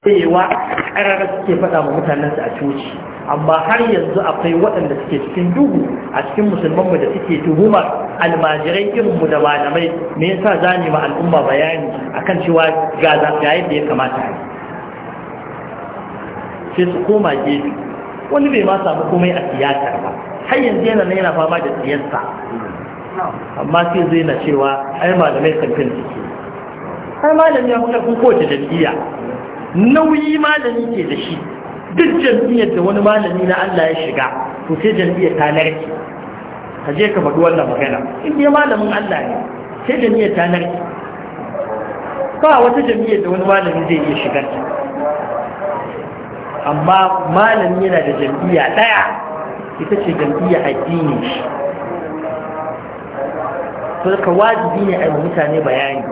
cewa ƙarar suke faɗa wa mutanen su a coci amma har yanzu akwai waɗanda suke cikin duhu a cikin musulmanmu da suke tuhumar almajirai irinmu da malamai me yasa za ni ma al'umma bayani akan cewa ga yayin da ya kamata a sai su koma gefe wani bai ma samu komai a siyasar ba har yanzu yana nan yana fama da siyasa amma sai zai na cewa ai malamai kan suke har malami ya kuma kowace jam'iyya nauyi malami ke da shi duk jam'iyyar da wani malami na Allah ya shiga to sai jam'iyyar ta narke ka je ka faɗi wannan magana in dai malamin Allah ne sai jam'iyyar ta narke ba wata jam'iyyar da wani malami zai iya shigar ta amma malami yana da jam'iyya ɗaya ita ce jam'iyya addini shi to ka wajibi ne a mutane bayani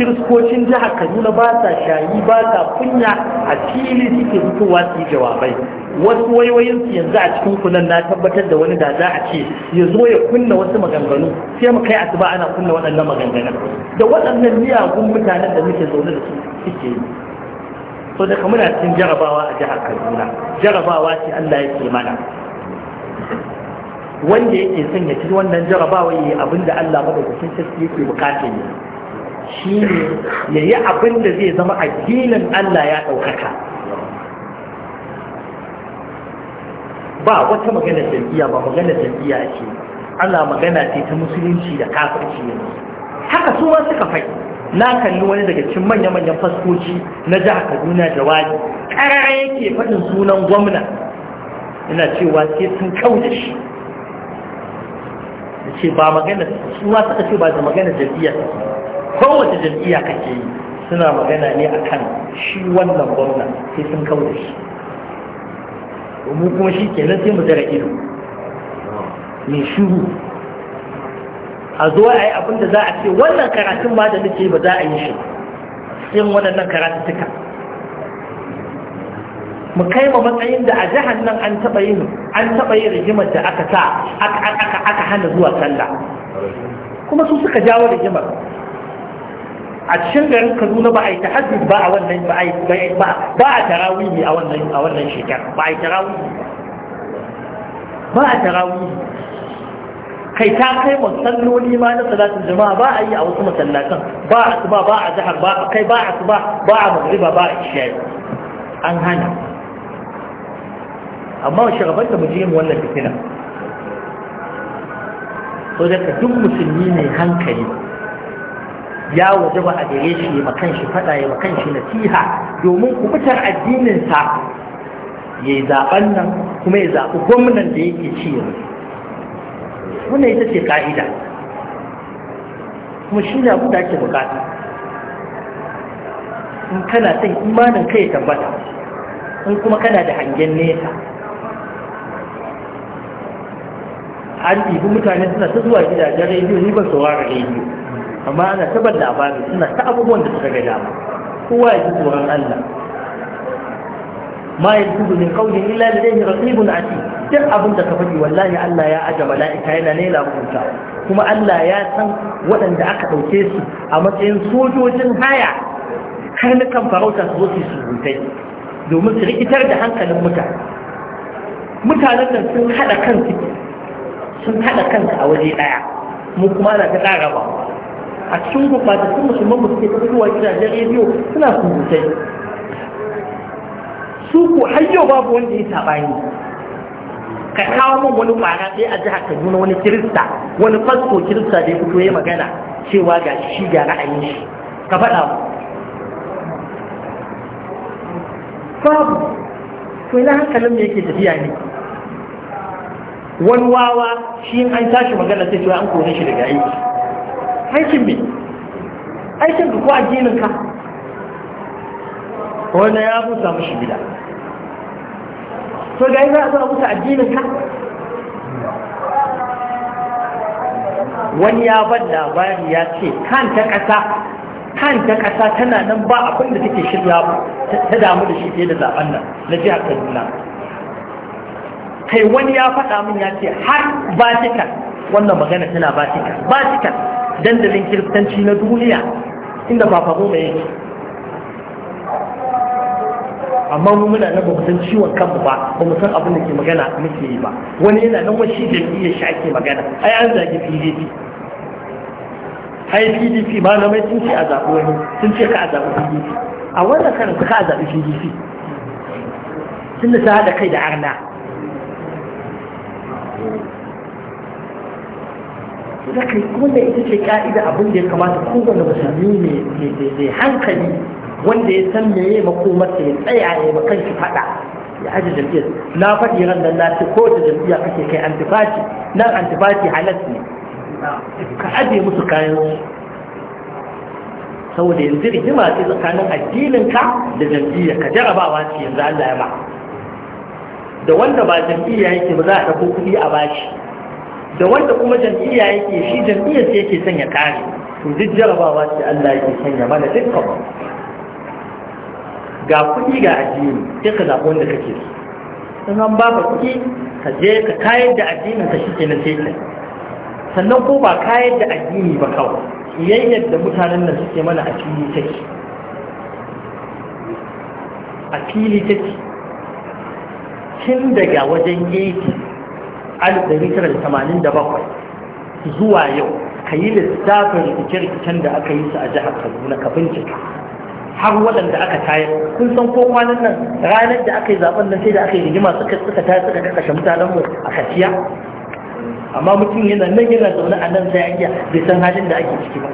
kiristocin jihar kaduna ba shayi ba kunya a fili suke fitowa su jawabai wasu wayoyin su yanzu a cikin kunan na tabbatar da wani da za a ce ya zo ya kunna wasu maganganu sai mu kai asuba ana kunna waɗannan maganganun da waɗannan miyagun mutanen da muke zaune da su suke yi so daga muna cikin jarabawa a jihar kaduna jarabawa ce allah yake mana wanda yake son ya ci wannan jarabawa ya yi abin da allah madaukakin sarki yake bukata ne shi ne ya yi abin da zai zama addinin Allah ya ɗaukaka ba wata magana jam'iyya ba magana jam'iyya ce ana magana ce ta musulunci da kafirci yanzu. haka su ma suka fai na kalli wani daga cikin manya-manyan faskoci na jihar kaduna jawabi ƙarara yake faɗin sunan gwamna ina cewa sai sun kauda shi da ce ba magana su ma suka ce ba da magana jam'iyya kowace jam'iyya kake yi suna magana ne a kan shi wannan gwamna sai sun kawo da shi mu kuma shi kenan sai mu zara ido ne shiru a zo a yi abinda za a ce wannan karatun ma da nake ba za a yi shi sai karatun tuka mu kai ma matsayin da a jihar nan an taɓa yin an taɓa yin rigimar da aka sa aka hana zuwa sallah kuma su suka jawo rigimar a cikin garin kaduna ba a yi tahajjud ba a wannan ba a tarawihi a wannan a wannan shekara ba a yi tarawihi ba a tarawihi kai ta kai masalloli ma na salatin jama'a ba a yi a wasu masallatan ba a asuba ba a zahar ba a kai ba a asuba ba a magriba ba a isha'i an hana amma shagabar da mujiyin wannan fitina so da ka duk musulmi ne hankali ya waje ba a gare shi ya makan shi fada ya makan shi nasiha domin kubutar addininsa ya yi zaben nan kuma ya zaɓi gwamnan da yake ci yanzu wannan ita ce ka'ida kuma shi ne abu da ake bukata in kana son imanin kai tabbata in kuma kana da hangen nesa an ɗibi mutane suna ta zuwa gidajen rediyo ni ban saurara rediyo amma ana tabar labarin suna ta abubuwan da suka ga dama kowa ya fi tsoron Allah ma ya tubu min qawlin illa ladayhi raqibun atid duk abin da ka faɗi wallahi Allah ya aje mala'ika yana ne labuta kuma Allah ya san waɗanda aka ɗauke su a matsayin sojojin haya karnukan farauta su zo su surutai domin su rikitar da hankalin mutane mutanen nan sun haɗa kansu sun haɗa kansu a waje ɗaya mu kuma ana ta ƙara ba a cikin sun musulman suke fitowa gidajen rediyo suna surutai su ku har yau babu wanda ya saɓani ka kawo min wani kwana sai a jihar kaduna wani kirista wani fasko kirista da ya fito ya magana cewa ga shi ga ra'ayin shi ka faɗa mu babu to ina hankalin me yake tafiya ne wani wawa shi an tashi magana sai cewa an kore shi daga aiki aikin me aikin ka ko addinin ka wanda ya samu mashi gida to ga za a zo a ta addinin ka wani ya ban labari ya ce kan ta ƙasa kan ta kasa tana nan ba abin da take shirya ta damu da shi fiye da zaben nan na jihar kaduna kai wani ya faɗa min ya ce har batikan wannan magana tana batikan batikan dandalin kiristanci na duniya inda fafaru mai yake amma mu muna nan ba ciwon kanmu ba ba mu san abin da ke magana muke yi ba wani yana nan wani jam'iyyar shi ake magana ai an zagi pdp ai pdp ba na mai sun ce a zaɓi wani sun ce ka a zaɓi pdp a wannan karin ka a zaɓi pdp tun da ta haɗa kai da arna da kai wanda ita ce ka'ida abin da ya kamata kowane musulmi mai hankali wanda ya san yi makomarsa ya tsaya ya ba kanshi fada ya aji jam'iyyar na faɗi ran nan na ce ko da jam'iyya kake kai antifati nan antifati halas ne ka aje musu kayan su saboda yanzu rigima ce tsakanin addinin ka da jam'iyya ka jarabawa ce yanzu Allah ya ba da wanda ba jam'iyya yake ba za a ɗauko kuɗi a bashi da wanda kuma jam'iyya yake shi jam'iyyar ce yake son ya kare to duk jarabawa ce Allah yake sanya mana dukkan ga kuɗi ga addini sai ka zaɓi wanda kake so in an ba ka kuɗi ka je ka kayar da addinin ka shi kenan sai ka sannan ko ba kayar da addini ba kawai iyayyar da mutanen nan suke mana a fili take a fili take tun daga wajen 80 1987 zuwa yau ka yi lissafin rikice-rikicen da aka yi su a jihar kaduna ka bincika har waɗanda aka tayar kun san ko kwanan nan ranar da aka yi zaben nan sai da aka yi rigima suka suka tayar suka kakashe mutanenmu a kaciya amma mutum yana nan yana zaune a nan sai an bai san halin da ake ciki ba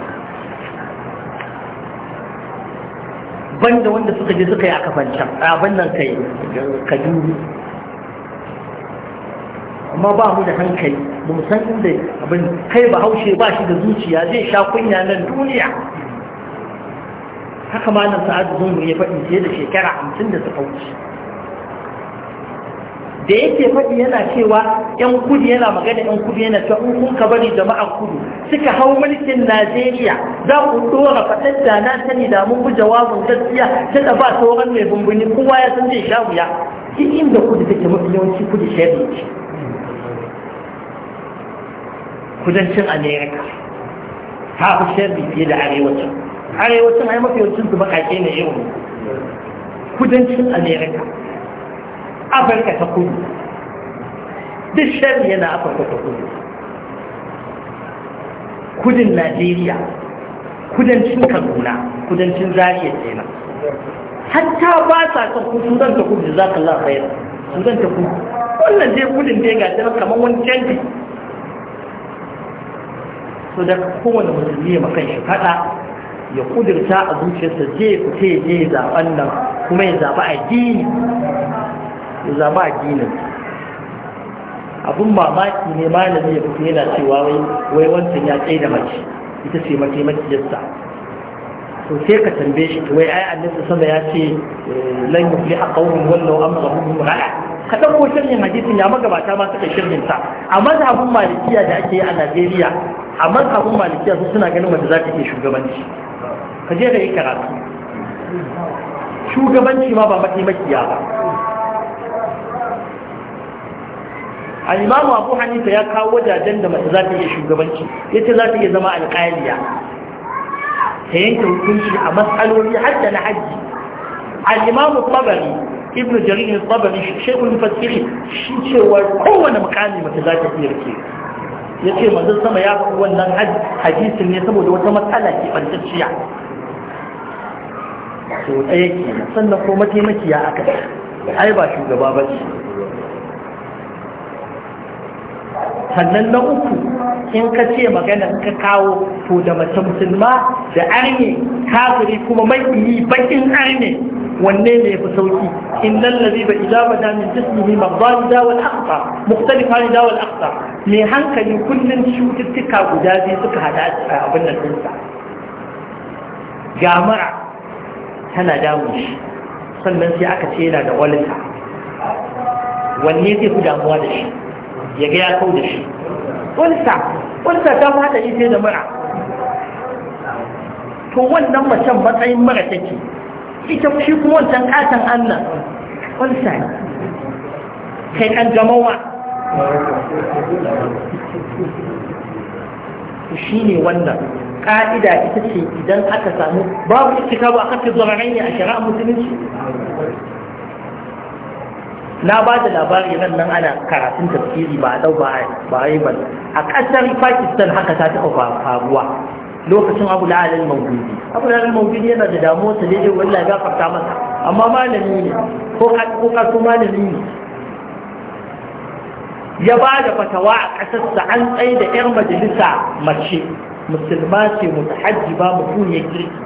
banda wanda suka je suka yi a kafancan abin nan kai kaduna amma ba mu da hankali ba mu san inda abin kai ba haushe ba shi da zuciya zai sha kunya nan duniya haka malam sa'ad zungur ya faɗi fiye da shekara hamsin da suka wuce da yake faɗi yana cewa ‘yan kudu yana magana ‘yan kudu yana cewa in kun ka bari jama'ar kudu suka hau mulkin Najeriya za ku ɗora faɗar da na sani da mun bi jawabin gaskiya ta da ba sauran mai bumbuni kowa ya san zai sha wuya duk inda kudu take mafi yawanci kudu shari'a kudancin america ta fi sharri fiye da arewacin arewacin ai mafi yawancin su bakake ne irin kudancin america afirka ta kudu duk sharri yana afirka ta kudu kudin najeriya kudancin kaduna kudancin zariya kenan hatta ba sa son ku sudan ta kudu za ka lafa yau sudan ta kudu wannan dai kudin dai ga kamar wani canji so da kowane musulmi ya makan shi fada ya kudurta a zuciyarsa je fita ya je nan kuma ya zaba addini ya zaba addinin abun mamaki ne malami ya fito yana cewa wai wai wancan ya tsaye da mace ita ce mataimakiyarsa to sai ka tambaye shi wai ai annabi sama ya ce eh, lan yufli aqawmun wallahu amsahum ra'a ka ɗauko shirin hadisin ya magabata ma suka shirin sa a mazhabin malikiya da ake yi a najeriya a mazhabin malikiya su suna ganin wanda za ta iya shugabanci ka je da yi karatu shugabanci ma ba mataimakiya ba al'imamu abu hanifa ya kawo wajajen da mata za ta iya shugabanci ya ce za ta iya zama alƙaliya ta yanke hukunci a matsaloli har da na hajji al'imamu tabari ibnu jarir al-tabari shaykhul mufassiri shi cewa kowane mukami mace za ta iya rike ya ce manzon sama ya faɗi wannan hadisin ne saboda wata matsala ke bantacciya to ɗaya ke sannan ko mataimakiya aka ai ba shugaba ba ce sannan na uku in ka ce magana ka kawo to da mace musulma da arne kafiri kuma mai ɗi bakin arne wanne ne ya fi sauki in lallabi ba idza bada min jismihi maghdad ni wal aqsa mukhtalifan da wal aqsa me hankali kullun cututtuka guda biyu suka hada a abin nan dinsa gamara tana damun shi sannan sai aka ce yana da walisa wanne zai fi damuwa da shi ya ga ya kau da shi walisa walisa ta fi haɗa ita da mara. to wannan macen matsayin mara take ita shi kuma wancan katon Allah wansa ne kai kan gamawa shi ne wannan ƙa'ida ita ce idan aka samu babu itika ba aka zama ne a shari'a musulunci na ba da labari nan nan ana karatun tafsiri ba a dau ba a yi ba a ƙasar pakistan haka ta taɓa faruwa lokacin abu la'alal mawdudi abu la'alal mawdudi yana da damuwa ta daidai wallahi gafarta masa amma malami ne ko ko kasu malami ne ya ba da fatawa a ƙasarsa an tsaye da 'yar majalisa mace musulma ce Hajji ba mutahajjiba ya kirki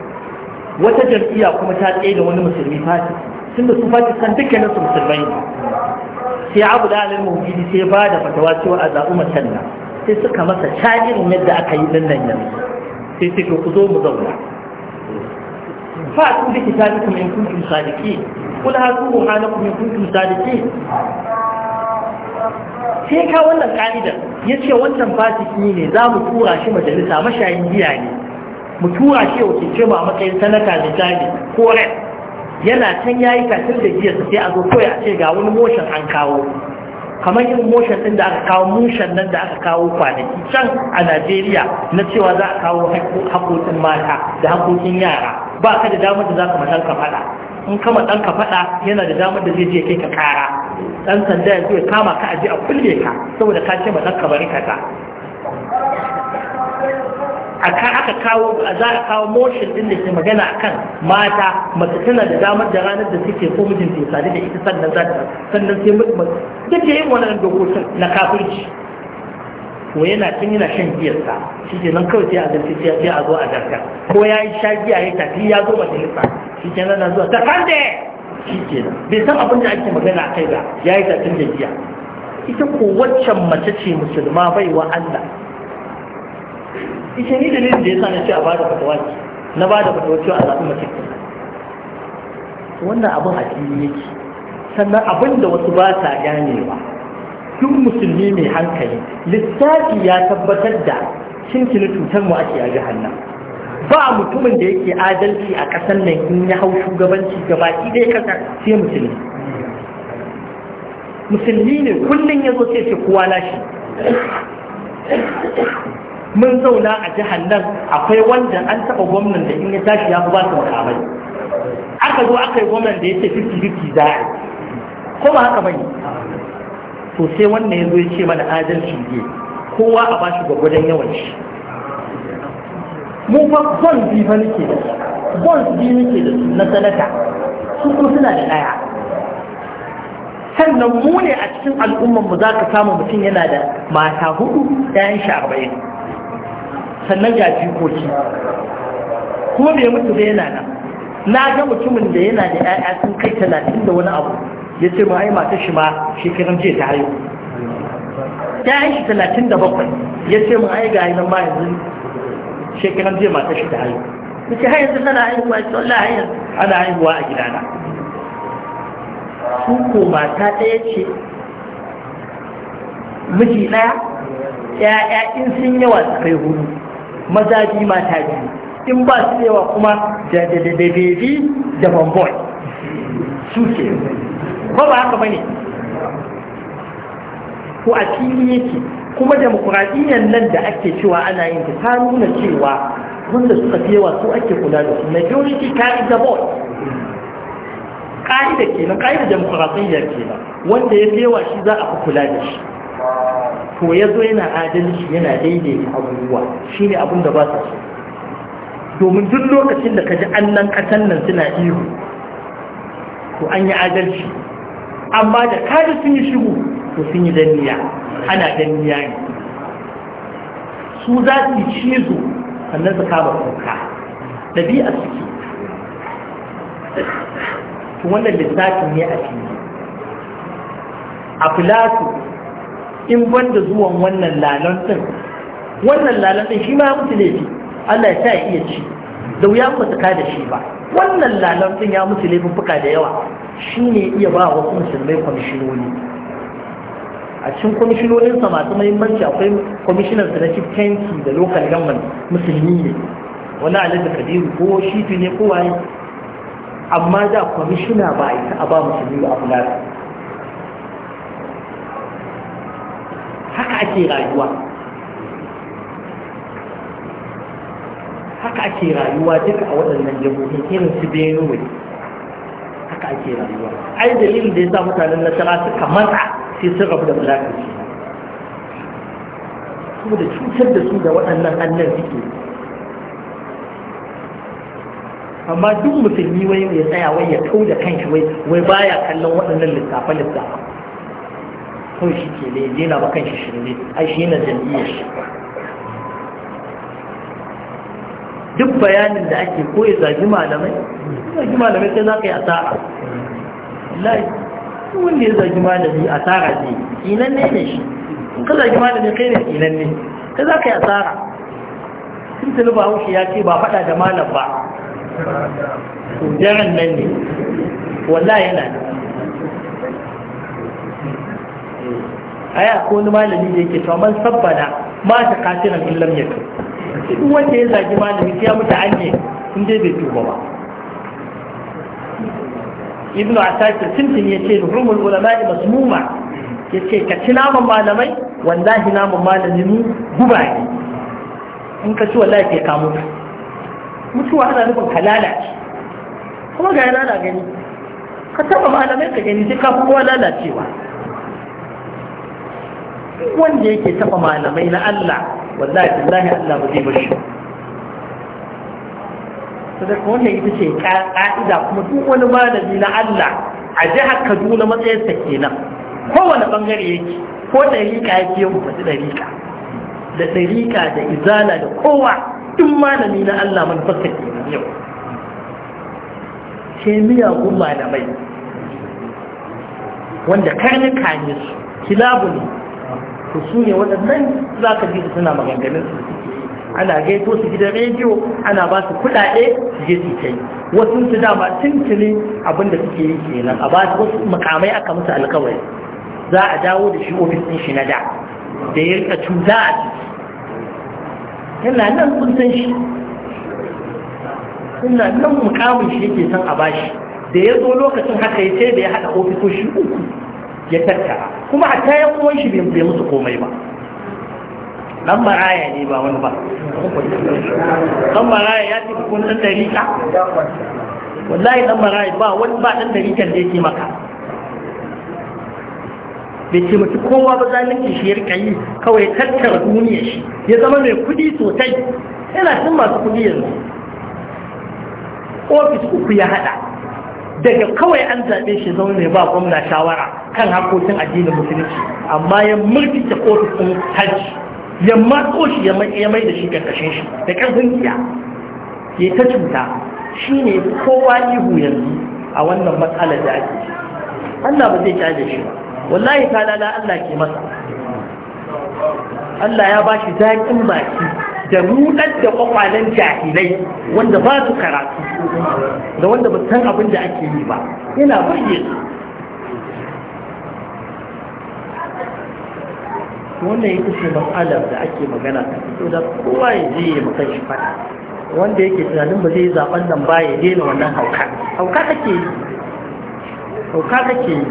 wata jam'iyya kuma ta tsaye da wani musulmi fati tun da su fati kan dukkanin su musulmai ne sai abu da alal mawjidi sai ba da fatawa cewa a zaɓi macen nan sai suka masa shagirin yadda aka yi nan yanzu sai sai ku zo mu zauna fa'atu bi kuma in kula sadiqin kul hana kuma in kuntu sadiki sai ka wannan ka'idar ya ce wancan fasiki ne za mu tura shi majalisa mashayin biya ne mu tura shi yau ce ma matsayin sanata jami ko rai yana can ya yi kafin da jiya sai a zo kawai a ce ga wani motion an kawo kamar yin motion ɗin da aka kawo motion nan da aka kawo kwanaki can a najeriya na cewa za a kawo haƙoƙin mata da haƙoƙin yara ba ka da damar da za ka matan ka faɗa in ka ɗanka ka faɗa yana da damar da zai je kai ka kara ɗan sanda ya zo kama ka aje a kulle ka saboda ka ce matan ka bari ka ta aka aka kawo za a kawo motion din da ke magana akan mata mace tana da damar da ranar da suke ko mijin ke sadu da ita sannan za ta sannan sai mutum duk da yin wannan dokokin na kafirci ko yana tun yana shan giyarsa shi ke nan kawai sai a zarce sai a zo a zarta ko ya yi sha giya ya tafi ya zo majalisa shi ke nan zuwa ta kande shi ke nan bai san abin da ake magana a kai ba ya yi tafin da giya ita ko waccan mace ce musulma baiwa Allah ishe ni dalilin da ya sa na ce a bada fatawa ce na bada fatawa ce a zaɓi mace wannan abin a fili yake sannan abin da wasu ba sa ganewa duk musulmi mai hankali lissafi ya tabbatar da cinkini cutar mu ake a jihar ba mutumin da yake adalci a ƙasar nan in ya hau shugabanci baki ɗaya ƙasar sai musulmi musulmi ne kullum ya zo sai ce kowa lashi mun zauna a jihar nan akwai wanda an taɓa gwamnan da in ya tashi ya fi ba su makamai aka zo aka yi gwamnan da ya ce fifi fifi za a ko ba haka bane to sai wannan ya zo ya ce mana adalci ne kowa a bashi gwagwadon yawan shi mu fa zon bi fa nake da zon biyu nake da su na sanata su kuma suna da ɗaya sannan mu ne a cikin al'ummar mu za ka samu mutum yana da mata hudu ɗayan shi arba'in sannan ga jikoki kuma bai mutu da yana nan na ga mutumin da yana da 'ya'ya sun kai talatin da wani abu ya ce ma ai mata shi ma shekarun jiya ta hayo ta yi shi talatin da bakwai ya ce ma ai ga nan ba yanzu shekaran jiya mata shi ta haihu ya ce har yanzu tana haihuwa ya ce wallah har ana haihuwa a gidana su ko mata ɗaya ce miji ɗaya ya'ya in sun yawa su kai hudu maza mata biyu in ba su yawa kuma da bebi da bamboi su ke ba ba haka bane ko a fili yake kuma demokuraɗiyyar nan da ake cewa ana yin ta ta nuna cewa wanda suka fi yawa su ake kula da su majority carry the ball ƙa'ida kenan ƙa'ida demokuraɗiyyar kenan wanda ya fi yawa shi za a kula da shi to ya zo yana adalci yana daidaita abubuwa shi ne abin da ba sa so domin duk lokacin da ka ji annan ƙasan nan suna ihu to an yi adalci amma da kaji sun yi shigo to sun yi danniya ana danniya ne su za su cizo sannan su kama kuka ɗabi'a suke to wannan lissafin ne a fili a filatu in banda zuwan wannan lalantar wannan lalantar shi ma ya mutu laifi Allah ya sa ya iya ci da wuya ku saka da shi ba wannan lalantar ya mutu laifin fuka da yawa shi ne iya ba wasu musulmai kwamishinoni a cikin kwamishinoninsa masu mahimmanci akwai kwamishinan su na chief tenki da local government musulmi ne wani alhaji kadiru ko shi ne ko waye amma da kwamishina ba a yi a ba musulmi ba a kula ake rayuwa haka ake rayuwa duka a waɗannan jamhuri irin su benue haka ake rayuwa ai dalilin da ya sa mutanen nasara suka matsa sai sun rabu da bulakin su da cutar da su da waɗannan annan suke amma duk musulmi wai ya tsaya wai ya kau da kanshi wai baya kallon waɗannan lissafe lissafe kawai shi ke ne jena ba kan shi shirme ai shi yana jam'iyyar shi duk bayanin da ake ko ya zagi malamai zagi malamai sai za ka yi asara lai wanda ya zagi malami asara ne kinan ne ne shi ka zagi malami kai ne kinan ne ka za ka yi asara sun tuni ba haushi ya ce ba faɗa da malam ba to jaran nan ne wallahi yana ne aya ko wani malami da yake to man sabbana, ma ta kafiran illam yato duk wanda ya zagi malami sai ya mutu an ne in dai bai tuba ba ibn asakir sintin ya ce rumul ulama masmuma ya ce ka ci naman malamai wallahi naman malami mu guba ne in ka ci wallahi ke ka mutu mutuwa ana nufin halala ce kuma ga yana gani ka taba malamai ka gani sai ka kowa lalacewa wanda yake taɓa malamai na Allah wallahi billahi Allah ba zai bashi sadaka wannan ita ce ka'ida kuma duk wani malami na Allah a jihar Kaduna matsayinsa kenan kowane bangare yake ko ɗariƙa yake mu faɗi ɗariƙa da ɗariƙa da izala da kowa duk malami na Allah manufarsa kenan yau ce miyagun malamai wanda karnuka ne su kilabu ne to su ne waɗannan za ka ji su suna maganganun su ana gaito su gidan rediyo ana ba su kuɗaɗe su je su kai wasu su dama tuntuni abin da suke yi kenan a ba su wasu makamai aka musu alkawari za a dawo da shi ofis ɗin shi na da da ya rika cuta a ciki yana nan kun san shi yana nan mukamin shi yake son a bashi da ya zo lokacin haka ya ce da ya haɗa ofisoshi uku ya tattara kuma a ta yan shi bai musu komai ba dan maraya ne ba wani ba dan maraya ya ce kun dan dariƙa wallahi dan maraya ba wani ba dan dariƙan da yake maka bai ce mutu kowa ba zalunci shi ya rika yi kawai tattara duniya shi ya zama mai kudi sosai yana cin masu kudi yanzu ofis uku ya hada daga kawai an zaɓe shi zaune ba gwamna shawara kan hakokin addinin musulunci amma ya murtike ofishin hajji ya matso shi ya mai da shi karkashin shi da ƙarfin giya ke ta cuta shi ne kowa ihu yanzu a wannan matsalar da ake Allah ba zai caje shi ba wallahi ta lala Allah ke masa Allah ya ba shi zaƙin baki da rudar da kwakwalen jahilai wanda ba su karatu da wanda ba san abin da ake yi ba yana burge su wannan ita ce matsalar da ake magana ta fito da kowa ya je ya mutan shi fada wanda yake tunanin ba zai zaben nan ba ya daina wannan hauka hauka kake yi hauka kake yi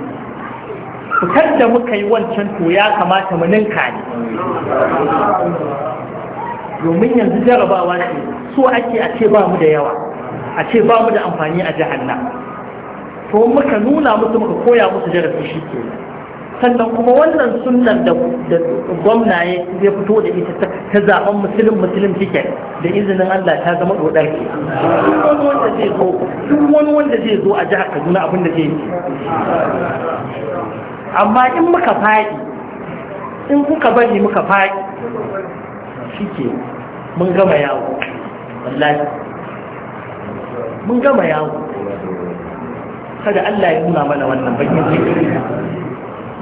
fitar da muka yi wancan to ya kamata mu ninka ne domin yanzu jarabawa ce so ake a ce ba mu da yawa a ce ba mu da amfani a jahanna to muka nuna musu muka koya musu darasi shi ke sannan kuma wannan sunan da gwamna ya zai fito da ita ta zaɓen musulun musulun cikin da izinin Allah ta zama ɗoɗar ke duk wani wanda zai zo a jihar Kaduna abin da zai yi amma in muka faɗi in kuka bari muka faɗi shi ke mun gama yawo wallahi mun gama yawo kada Allah ya nuna mana wannan bakin cikin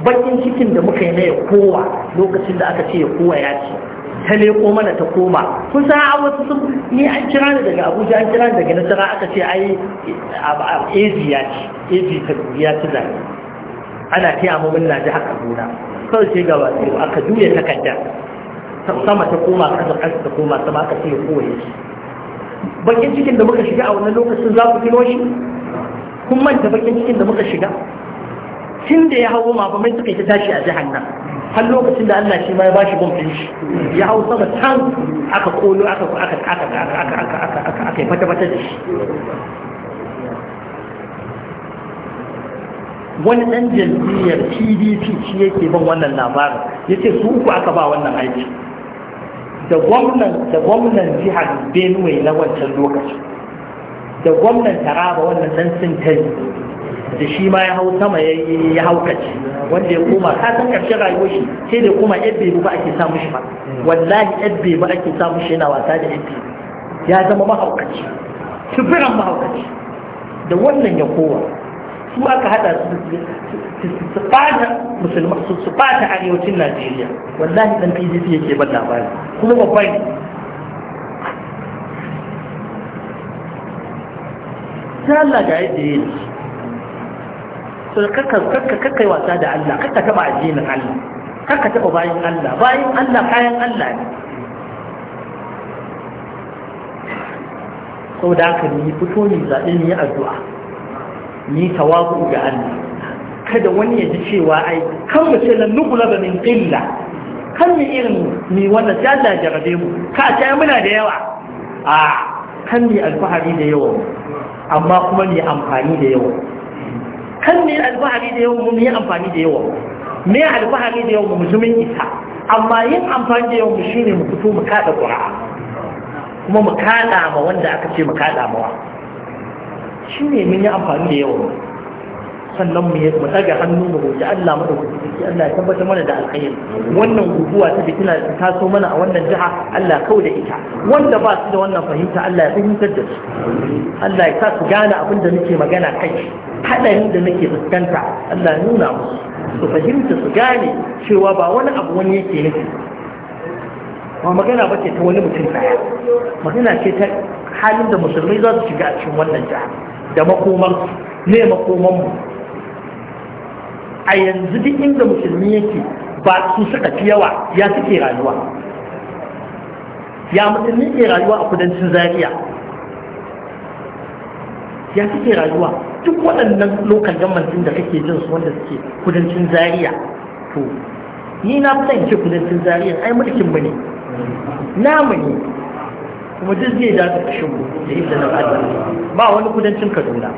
bakin cikin da muka yi na ya kowa lokacin da aka ce ya kowa ya ce ta leko mana ta koma kun san a wasu sun ni an kira ni daga abuja an kira ni daga nasara aka ce ai az ya ce az ta duniya ta da ana yi. amma mun na ji haka gona kawai ce ga wasu aka juya takardar sama ta koma ƙasa ƙasa ta koma sama aka fiye kowa ya ci bakin cikin da muka shiga a wannan lokacin za ku tuno shi kun manta bakin cikin da muka shiga tun da ya hawo mafamai suka ta tashi a jihar nan har lokacin da Allah shi ma ya bashi gumfin shi ya hau sama tan aka kolo aka aka aka aka aka aka aka aka fata fata da shi wani dan jam'iyyar PDP shi yake ban wannan labarin ce su uku aka ba wannan aiki da gwamnan jihar benue na wancan lokaci da gwamnan taraba wannan nan sun kai da shi ma ya hau sama ya haukaci wanda ya koma ka san karshe rayuwar shi sai da kuma yabbe ba ake sa shi ba wallahi yabbe ba ake sa shi yana wasa da yabbe ya zama mahaukaci tufiran mahaukaci da wannan ya kowa su aka hada su fata musulma su fata arewacin najeriya wallahi dan pdp yake ban labari kuma babban sai allah ga yadda ya yi su kakka kai wasa da allah kakka taba addinin allah kakka taba bayan allah bayan allah kayan allah ne sau da aka ni fito ne zaɓe ne addu'a Ni tawazu ga Allah kada wani ya ji cewa ai kan mu ce lan ba min qilla kan mu irin ni wannan jalla jarabe mu ka ta muna da yawa a kan mu alfahari da yawa amma kuma ni amfani da yawa kan mu alfahari da yawa mu ni amfani da yawa me alfahari da yawa mu zumin isa amma yin amfani da yawa mu shine mu fito mu kada qur'a kuma mu kada ma wanda aka ce mu kada mawa shi ne mun yi amfani da yawan sannan mu yi matsaga hannu mu roƙi Allah mu roƙi ciki Allah ya tabbatar mana da alkhairi wannan guguwa ta fitina da ta taso mana a wannan jiha Allah kawai da ita wanda ba su da wannan fahimta Allah ya fahimtar da su Allah ya sa su gane abin da nake magana kai hadarin da nake fuskanta Allah ya nuna musu su fahimta su gane cewa ba wani abu wani yake nufi ba magana ba ce ta wani mutum daya magana ce ta halin da musulmai za su shiga a cikin wannan jiha da makoman ne makoman mu a yanzu duk inda musulmi yake ba su suka fi yawa ya suke rayuwa ya musulmi ke rayuwa a kudancin zariya? ya suke rayuwa duk waɗannan lokal gammantin da kake jin su wanda suke kudancin zariya? to ni na fi san kudancin zariya, ai mulkin ba ne namu ne kuma duk zai ja ta kashin mu da inda na ba ba wani kudancin kaduna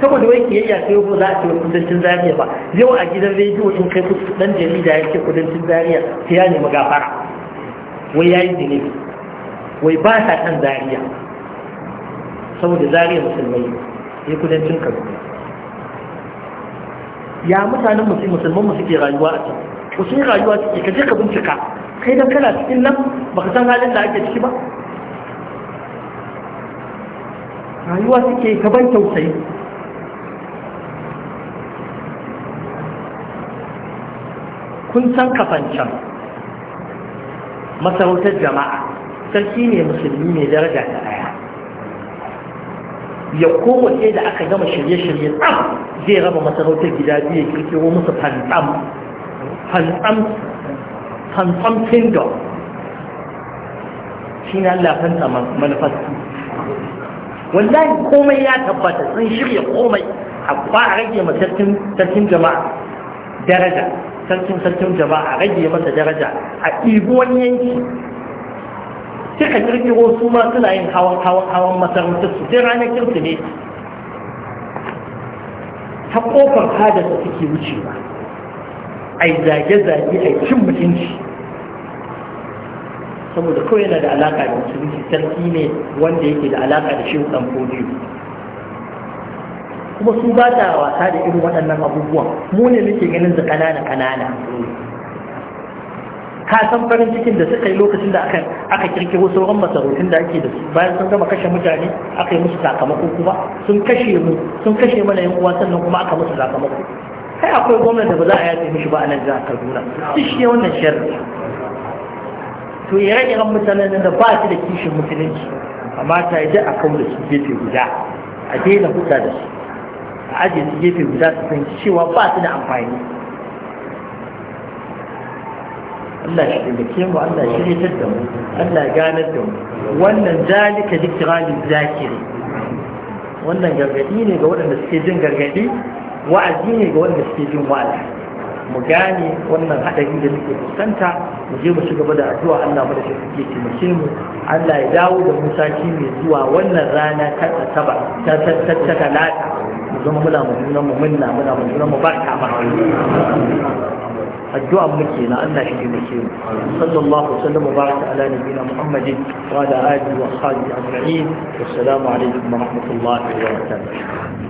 saboda wai ke yaya sai ko za a ce kudancin zariya ba yau a gidan rediyo in kai kusa dan jarida ya ce kudancin zariya sai ya nemi gafara wai ya yi zinibi wai ba sa kan zariya saboda zariya musulmai ne kudancin kaduna ya mutanen musulman mu suke rayuwa a can ku sun rayuwa suke ka je ka bincika kai dan kana cikin nan baka san halin da ake ciki ba rayuwa suke ka ban tausayi kun san kafancan masarautar jama'a sarki ne musulmi mai daraja ta daya ya koma sai da aka gama shirye-shirye tsam zai raba masarautar gida biyu ya kirkiro musu fantsam fantsam fantsam kingdom shi ne allah fanta wallahi komai ya tabbata sun shirya komai ba a rage ma sarkin jama'a daraja sarkin sarkin jama'a a rage masa daraja a ɗibi wani yanki suka kirkiro su ma suna yin hawan hawan hawan masarautar su sai ranar ne. ta kofar hadarsa suke wucewa ai zage-zage ai cin mutunci saboda kawai yana da alaka da musulunci sarki ne wanda yake da alaka da shehu dan fodiyo kuma su ba ta wasa da irin waɗannan abubuwan mu ne muke ganin su ƙanana ƙanana ka san farin cikin da suka yi lokacin da aka kirkiro sauran masarautun da ake da su bayan sun gama kashe mutane aka yi musu sakamako kuma sun kashe mu sun kashe mana yan uwa sannan kuma aka musu sakamako kai akwai gwamnati da ba za a yace mishi ba a nan jihar Kaduna shi ne wannan sharri to ire-iren mutanen da ba su da kishin musulunci amma ta yi a kawo da su gefe guda a daina huta da su a ajiye su gefe guda su san cewa ba su da amfani Allah shi ke mu Allah shi ne da mu Allah ganar da mu wannan zalika zikralin zakiri wannan gargadi ne ga waɗanda suke jin gargadi wa'azi ne ga waɗanda suke jin wa'azi mu gane wannan haɗari da suke fuskanta mu je mu shiga da addu'a Allah mu da shi suke taimake mu Allah ya dawo da mu sati mai zuwa wannan rana ta Asaba ta ta Talata mu zama muna mu nuna mu munna muna mu nuna mu barka ma addu'a mu kenan Allah shi taimake mu sallallahu alaihi wasallam wa baraka ala nabiyina Muhammadin wa ala alihi wa sahbihi ajma'in wassalamu alaikum wa rahmatullahi wa barakatuh